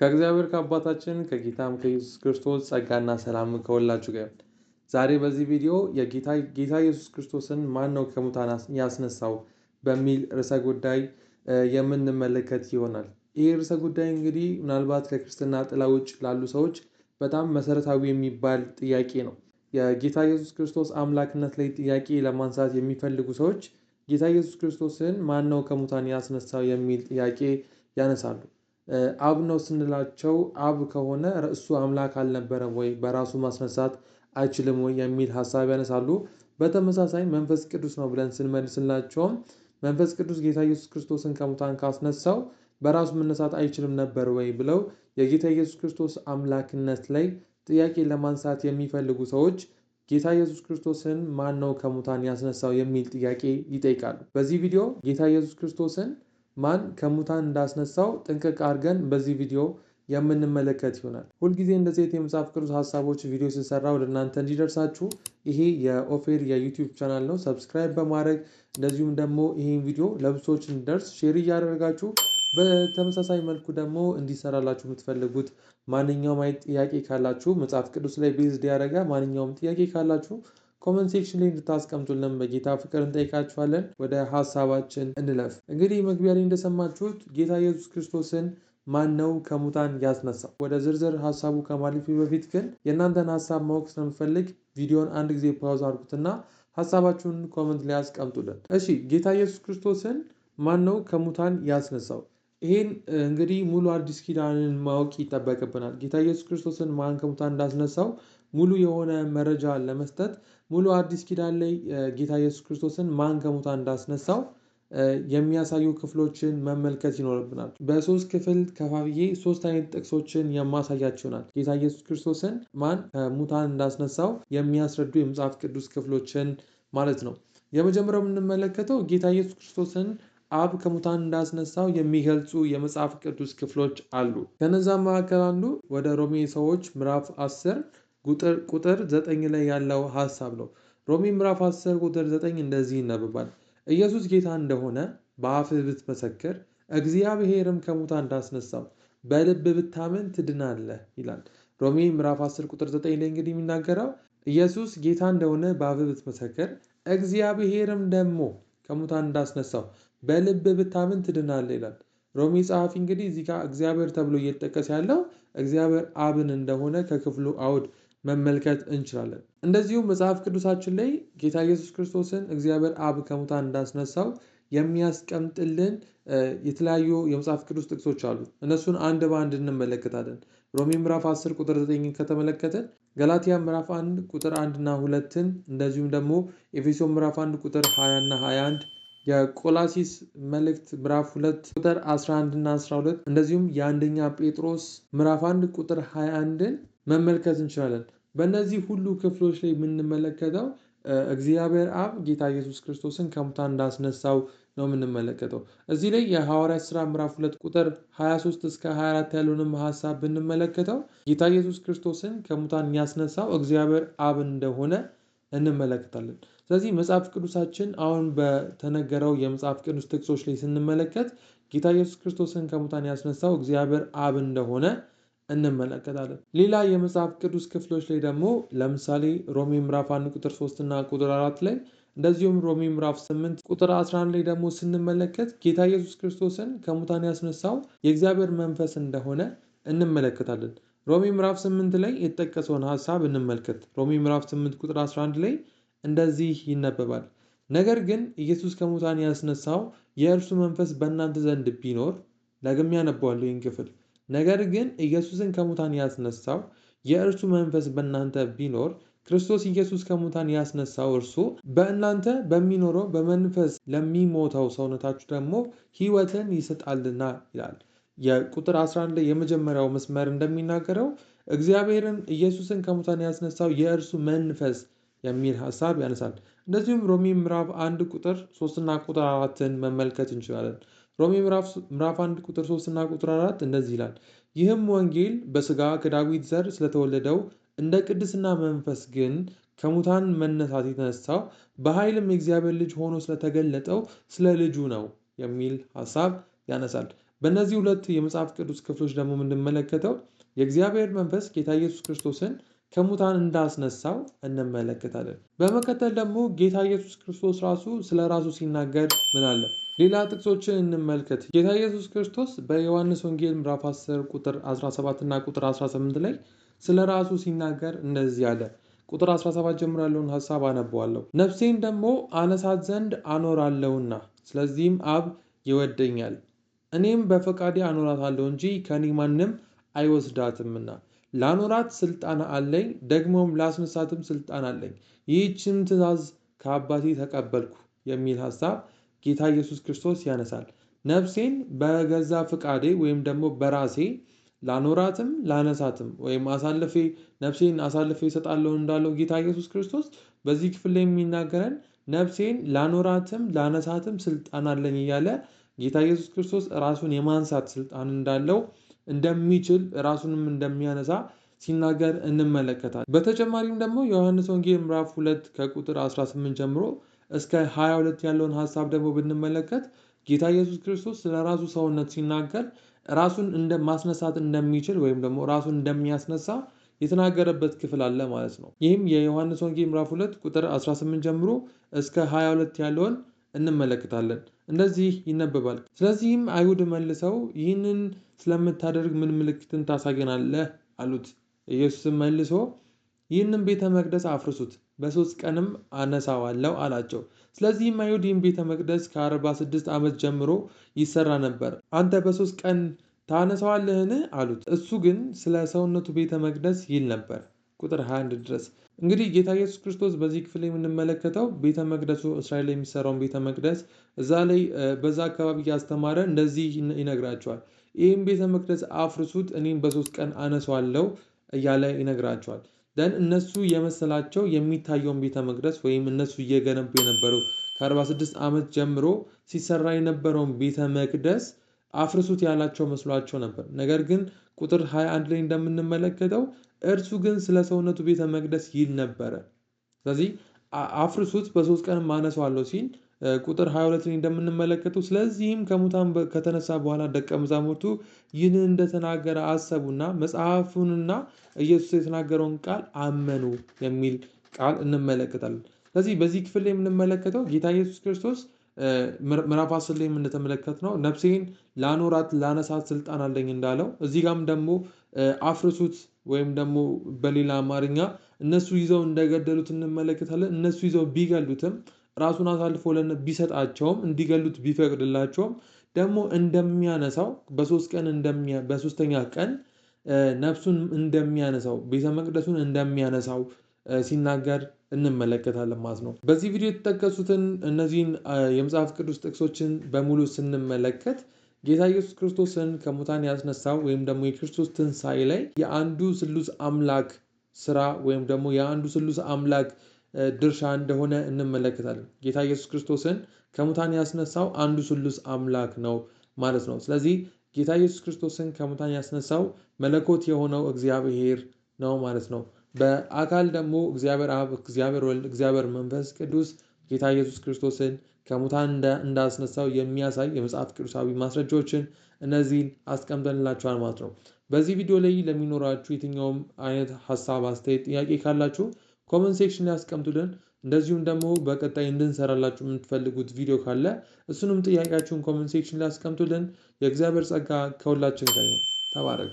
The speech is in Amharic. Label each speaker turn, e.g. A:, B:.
A: ከእግዚአብሔር ከአባታችን ከጌታም ከኢየሱስ ክርስቶስ ጸጋና ሰላም ከወላችሁ ጋር። ዛሬ በዚህ ቪዲዮ የጌታ ጌታ ኢየሱስ ክርስቶስን ማን ነው ከሙታን ያስነሳው በሚል ርዕሰ ጉዳይ የምንመለከት ይሆናል። ይህ ርዕሰ ጉዳይ እንግዲህ ምናልባት ከክርስትና ጥላ ውጭ ላሉ ሰዎች በጣም መሰረታዊ የሚባል ጥያቄ ነው። የጌታ ኢየሱስ ክርስቶስ አምላክነት ላይ ጥያቄ ለማንሳት የሚፈልጉ ሰዎች ጌታ ኢየሱስ ክርስቶስን ማን ነው ከሙታን ያስነሳው የሚል ጥያቄ ያነሳሉ። አብ ነው ስንላቸው አብ ከሆነ እሱ አምላክ አልነበረም ወይ በራሱ ማስነሳት አይችልም ወይ የሚል ሀሳብ ያነሳሉ። በተመሳሳይ መንፈስ ቅዱስ ነው ብለን ስንመልስላቸውም መንፈስ ቅዱስ ጌታ ኢየሱስ ክርስቶስን ከሙታን ካስነሳው በራሱ መነሳት አይችልም ነበር ወይ ብለው የጌታ ኢየሱስ ክርስቶስ አምላክነት ላይ ጥያቄ ለማንሳት የሚፈልጉ ሰዎች ጌታ ኢየሱስ ክርስቶስን ማን ነው ከሙታን ያስነሳው የሚል ጥያቄ ይጠይቃሉ። በዚህ ቪዲዮ ጌታ ኢየሱስ ክርስቶስን ማን ከሙታን እንዳስነሳው ጥንቅቅ አድርገን በዚህ ቪዲዮ የምንመለከት ይሆናል። ሁልጊዜ እንደዚህ አይነት የመጽሐፍ ቅዱስ ሀሳቦች ቪዲዮ ስንሰራ ወደ እናንተ እንዲደርሳችሁ ይሄ የኦፌር የዩቲዩብ ቻናል ነው። ሰብስክራይብ በማድረግ እንደዚሁም ደግሞ ይሄን ቪዲዮ ለብሶች እንዲደርስ ሼር እያደረጋችሁ በተመሳሳይ መልኩ ደግሞ እንዲሰራላችሁ የምትፈልጉት ማንኛውም አይነት ጥያቄ ካላችሁ መጽሐፍ ቅዱስ ላይ ቤዝድ ያደረገ ማንኛውም ጥያቄ ካላችሁ ኮመንት ሴክሽን ላይ እንድታስቀምጡልን በጌታ ፍቅር እንጠይቃችኋለን። ወደ ሀሳባችን እንለፍ። እንግዲህ መግቢያ ላይ እንደሰማችሁት ጌታ ኢየሱስ ክርስቶስን ማን ነው ከሙታን ያስነሳው? ወደ ዝርዝር ሀሳቡ ከማለፊ በፊት ግን የእናንተን ሀሳብ ማወቅ ስለምፈልግ ቪዲዮን አንድ ጊዜ ፓውዝ አድርጉትና ሀሳባችሁን ኮመንት ላይ አስቀምጡልን። እሺ፣ ጌታ ኢየሱስ ክርስቶስን ማን ነው ከሙታን ያስነሳው? ይሄን እንግዲህ ሙሉ አዲስ ኪዳንን ማወቅ ይጠበቅብናል። ጌታ ኢየሱስ ክርስቶስን ማን ከሙታን እንዳስነሳው ሙሉ የሆነ መረጃ ለመስጠት ሙሉ አዲስ ኪዳን ላይ ጌታ ኢየሱስ ክርስቶስን ማን ከሙታን እንዳስነሳው የሚያሳዩ ክፍሎችን መመልከት ይኖርብናል። በሶስት ክፍል ከፋፍዬ ሶስት አይነት ጥቅሶችን የማሳያቸው ናል። ጌታ ኢየሱስ ክርስቶስን ማን ከሙታን እንዳስነሳው የሚያስረዱ የመጽሐፍ ቅዱስ ክፍሎችን ማለት ነው። የመጀመሪያው የምንመለከተው ጌታ ኢየሱስ ክርስቶስን አብ ከሙታን እንዳስነሳው የሚገልጹ የመጽሐፍ ቅዱስ ክፍሎች አሉ። ከነዛ መካከል አንዱ ወደ ሮሜ ሰዎች ምዕራፍ 10 ቁጥር 9 ላይ ያለው ሐሳብ ነው። ሮሚ ምዕራፍ 10 ቁጥር 9 እንደዚህ ይነበባል። ኢየሱስ ጌታ እንደሆነ በአፍህ ብትመሰክር እግዚአብሔርም ከሙታን እንዳስነሳው በልብ ብታምን ትድናለህ ይላል። ሮሚ ምዕራፍ 10 ቁጥር 9 ላይ እንግዲህ የሚናገረው ኢየሱስ ጌታ እንደሆነ በአፍህ ብትመሰክር እግዚአብሔርም ደግሞ ከሙታን እንዳስነሳው በልብ ብታምን ትድናለህ ይላል። ሮሚ ጸሐፊ እንግዲህ እዚህ ጋር እግዚአብሔር ተብሎ እየተጠቀሰ ያለው እግዚአብሔር አብን እንደሆነ ከክፍሉ አውድ መመልከት እንችላለን። እንደዚሁም መጽሐፍ ቅዱሳችን ላይ ጌታ ኢየሱስ ክርስቶስን እግዚአብሔር አብ ከሙታን እንዳስነሳው የሚያስቀምጥልን የተለያዩ የመጽሐፍ ቅዱስ ጥቅሶች አሉ። እነሱን አንድ በአንድ እንመለከታለን። ሮሜ ምዕራፍ 10 ቁጥር 9 ከተመለከትን፣ ገላትያ ምዕራፍ 1 ቁጥር 1 እና 2ን እንደዚሁም ደግሞ ኤፌሶ ምዕራፍ 1 ቁጥር 20 እና 21 የቆላሲስ መልእክት ምዕራፍ 2 ቁጥር 11 እና 12 እንደዚሁም የአንደኛ ጴጥሮስ ምዕራፍ 1 ቁጥር 21ን መመልከት እንችላለን። በእነዚህ ሁሉ ክፍሎች ላይ የምንመለከተው እግዚአብሔር አብ ጌታ ኢየሱስ ክርስቶስን ከሙታን እንዳስነሳው ነው የምንመለከተው። እዚህ ላይ የሐዋርያት ሥራ ምዕራፍ ሁለት ቁጥር 23 እስከ 24 ያለውንም ሐሳብ ብንመለከተው ጌታ ኢየሱስ ክርስቶስን ከሙታን ያስነሳው እግዚአብሔር አብ እንደሆነ እንመለከታለን። ስለዚህ መጽሐፍ ቅዱሳችን አሁን በተነገረው የመጽሐፍ ቅዱስ ጥቅሶች ላይ ስንመለከት ጌታ ኢየሱስ ክርስቶስን ከሙታን ያስነሳው እግዚአብሔር አብ እንደሆነ እንመለከታለን። ሌላ የመጽሐፍ ቅዱስ ክፍሎች ላይ ደግሞ ለምሳሌ ሮሜ ምዕራፍ 1 ቁጥር 3 እና ቁጥር 4 ላይ እንደዚሁም ሮሜ ምዕራፍ 8 ቁጥር 11 ላይ ደግሞ ስንመለከት ጌታ ኢየሱስ ክርስቶስን ከሙታን ያስነሳው የእግዚአብሔር መንፈስ እንደሆነ እንመለከታለን። ሮሜ ምዕራፍ 8 ላይ የተጠቀሰውን ሐሳብ እንመልከት። ሮሜ ምዕራፍ 8 ቁጥር 11 ላይ እንደዚህ ይነበባል። ነገር ግን ኢየሱስ ከሙታን ያስነሳው የእርሱ መንፈስ በእናንተ ዘንድ ቢኖር፣ ደግሜ አነበዋለሁ ይህን ክፍል ነገር ግን ኢየሱስን ከሙታን ያስነሳው የእርሱ መንፈስ በእናንተ ቢኖር ክርስቶስ ኢየሱስ ከሙታን ያስነሳው እርሱ በእናንተ በሚኖረው በመንፈስ ለሚሞተው ሰውነታችሁ ደግሞ ሕይወትን ይሰጣልና ይላል። የቁጥር 11 ላይ የመጀመሪያው መስመር እንደሚናገረው እግዚአብሔርን ኢየሱስን ከሙታን ያስነሳው የእርሱ መንፈስ የሚል ሀሳብ ያነሳል። እንደዚሁም ሮሚ ምዕራፍ አንድ ቁጥር ሶስትና ቁጥር አራትን መመልከት እንችላለን። ሮሜ ምዕራፍ 1 ቁጥር 3 እና ቁጥር 4 እንደዚህ ይላል፣ ይህም ወንጌል በስጋ ከዳዊት ዘር ስለተወለደው እንደ ቅድስና መንፈስ ግን ከሙታን መነሳት የተነሳው በኃይልም የእግዚአብሔር ልጅ ሆኖ ስለተገለጠው ስለ ልጁ ነው የሚል ሀሳብ ያነሳል። በእነዚህ ሁለት የመጽሐፍ ቅዱስ ክፍሎች ደግሞ የምንመለከተው የእግዚአብሔር መንፈስ ጌታ ኢየሱስ ክርስቶስን ከሙታን እንዳስነሳው እንመለከታለን። በመቀጠል ደግሞ ጌታ ኢየሱስ ክርስቶስ ራሱ ስለ ራሱ ሲናገር ምን አለ? ሌላ ጥቅሶችን እንመልከት። ጌታ ኢየሱስ ክርስቶስ በዮሐንስ ወንጌል ምዕራፍ 10 ቁጥር 17 እና ቁጥር 18 ላይ ስለ ራሱ ሲናገር እንደዚህ አለ። ቁጥር 17 ጀምሮ ያለውን ሀሳብ አነበዋለሁ። ነፍሴን ደግሞ አነሳት ዘንድ አኖራለሁና፣ ስለዚህም አብ ይወደኛል፣ እኔም በፈቃዴ አኖራታለሁ እንጂ ከኔ ማንም አይወስዳትምና ላኖራት ስልጣን አለኝ ደግሞም ላስነሳትም ስልጣን አለኝ ይህችን ትእዛዝ ከአባቴ ተቀበልኩ የሚል ሀሳብ ጌታ ኢየሱስ ክርስቶስ ያነሳል። ነፍሴን በገዛ ፍቃዴ ወይም ደግሞ በራሴ ላኖራትም ላነሳትም ወይም አሳልፌ ነፍሴን አሳልፌ እሰጣለሁ እንዳለው ጌታ ኢየሱስ ክርስቶስ በዚህ ክፍል ላይ የሚናገረን ነፍሴን ላኖራትም ላነሳትም ስልጣን አለኝ እያለ ጌታ ኢየሱስ ክርስቶስ ራሱን የማንሳት ስልጣን እንዳለው እንደሚችል ራሱንም እንደሚያነሳ ሲናገር እንመለከታል። በተጨማሪም ደግሞ ዮሐንስ ወንጌል ምዕራፍ 2 ከቁጥር 18 ጀምሮ እስከ 22 ያለውን ሀሳብ ደግሞ ብንመለከት ጌታ ኢየሱስ ክርስቶስ ስለ ራሱ ሰውነት ሲናገር ራሱን እንደ ማስነሳት እንደሚችል ወይም ደግሞ ራሱን እንደሚያስነሳ የተናገረበት ክፍል አለ ማለት ነው። ይህም የዮሐንስ ወንጌል ምዕራፍ 2 ቁጥር 18 ጀምሮ እስከ 22 ያለውን እንመለከታለን። እንደዚህ ይነበባል። ስለዚህም አይሁድ መልሰው ይህንን ስለምታደርግ ምን ምልክትን ታሳየናለህ አሉት። ኢየሱስም መልሶ ይህንን ቤተ መቅደስ አፍርሱት በሶስት ቀንም አነሳዋለሁ አላቸው። ስለዚህም አይሁድ ይህን ቤተ መቅደስ ከ46 ዓመት ጀምሮ ይሰራ ነበር፣ አንተ በሶስት ቀን ታነሳዋለህን? አሉት። እሱ ግን ስለ ሰውነቱ ቤተ መቅደስ ይል ነበር። ቁጥር 21 ድረስ። እንግዲህ ጌታ ኢየሱስ ክርስቶስ በዚህ ክፍል የምንመለከተው ቤተ መቅደሱ እስራኤል የሚሰራውን ቤተ መቅደስ እዛ ላይ በዛ አካባቢ እያስተማረ እንደዚህ ይነግራቸዋል። ይህም ቤተ መቅደስ አፍርሱት እኔም በሶስት ቀን አነሷለው እያለ ይነግራቸዋል። ደን እነሱ የመሰላቸው የሚታየውን ቤተ መቅደስ ወይም እነሱ እየገነቡ የነበረው ከ46 ዓመት ጀምሮ ሲሰራ የነበረውን ቤተ መቅደስ አፍርሱት ያላቸው መስሏቸው ነበር። ነገር ግን ቁጥር 21 ላይ እንደምንመለከተው እርሱ ግን ስለ ሰውነቱ ቤተ መቅደስ ይል ነበረ። ስለዚህ አፍርሱት በሶስት ቀን አነሳዋለሁ ሲል ቁጥር 22 ላይ እንደምንመለከተው ስለዚህም ከሙታን ከተነሳ በኋላ ደቀ መዛሙርቱ ይህንን እንደተናገረ አሰቡና መጽሐፉንና ኢየሱስ የተናገረውን ቃል አመኑ የሚል ቃል እንመለከታለን። ስለዚህ በዚህ ክፍል ላይ የምንመለከተው ጌታ ኢየሱስ ክርስቶስ ምዕራፍ አስር የምንተመለከት ነው። ነፍሴን ላኖራት ላነሳት ስልጣን አለኝ እንዳለው እዚህ ጋም ደግሞ አፍርሱት ወይም ደግሞ በሌላ አማርኛ እነሱ ይዘው እንደገደሉት እንመለከታለን። እነሱ ይዘው ቢገሉትም ራሱን አሳልፎ ቢሰጣቸውም እንዲገሉት ቢፈቅድላቸውም ደግሞ እንደሚያነሳው በሶስት ቀን በሶስተኛ ቀን ነፍሱን እንደሚያነሳው ቤተ መቅደሱን እንደሚያነሳው ሲናገር እንመለከታለን ማለት ነው። በዚህ ቪዲዮ የተጠቀሱትን እነዚህን የመጽሐፍ ቅዱስ ጥቅሶችን በሙሉ ስንመለከት ጌታ ኢየሱስ ክርስቶስን ከሙታን ያስነሳው ወይም ደግሞ የክርስቶስ ትንሣኤ ላይ የአንዱ ስሉስ አምላክ ስራ ወይም ደግሞ የአንዱ ስሉስ አምላክ ድርሻ እንደሆነ እንመለከታለን። ጌታ ኢየሱስ ክርስቶስን ከሙታን ያስነሳው አንዱ ስሉስ አምላክ ነው ማለት ነው። ስለዚህ ጌታ ኢየሱስ ክርስቶስን ከሙታን ያስነሳው መለኮት የሆነው እግዚአብሔር ነው ማለት ነው። በአካል ደግሞ እግዚአብሔር አብ፣ እግዚአብሔር ወልድ፣ እግዚአብሔር መንፈስ ቅዱስ ጌታ ኢየሱስ ክርስቶስን ከሙታን እንዳስነሳው የሚያሳይ የመጽሐፍ ቅዱሳዊ ማስረጃዎችን እነዚህን አስቀምጠንላችኋል ማለት ነው። በዚህ ቪዲዮ ላይ ለሚኖራችሁ የትኛውም አይነት ሀሳብ፣ አስተያየት፣ ጥያቄ ካላችሁ ኮመንት ሴክሽን ላይ አስቀምጡልን። እንደዚሁም ደግሞ በቀጣይ እንድንሰራላችሁ የምትፈልጉት ቪዲዮ ካለ እሱንም ጥያቄያችሁን ኮመንት ሴክሽን ላይ አስቀምጡልን። የእግዚአብሔር ጸጋ ከሁላችን ጋር ይሁን። ተባረኩ።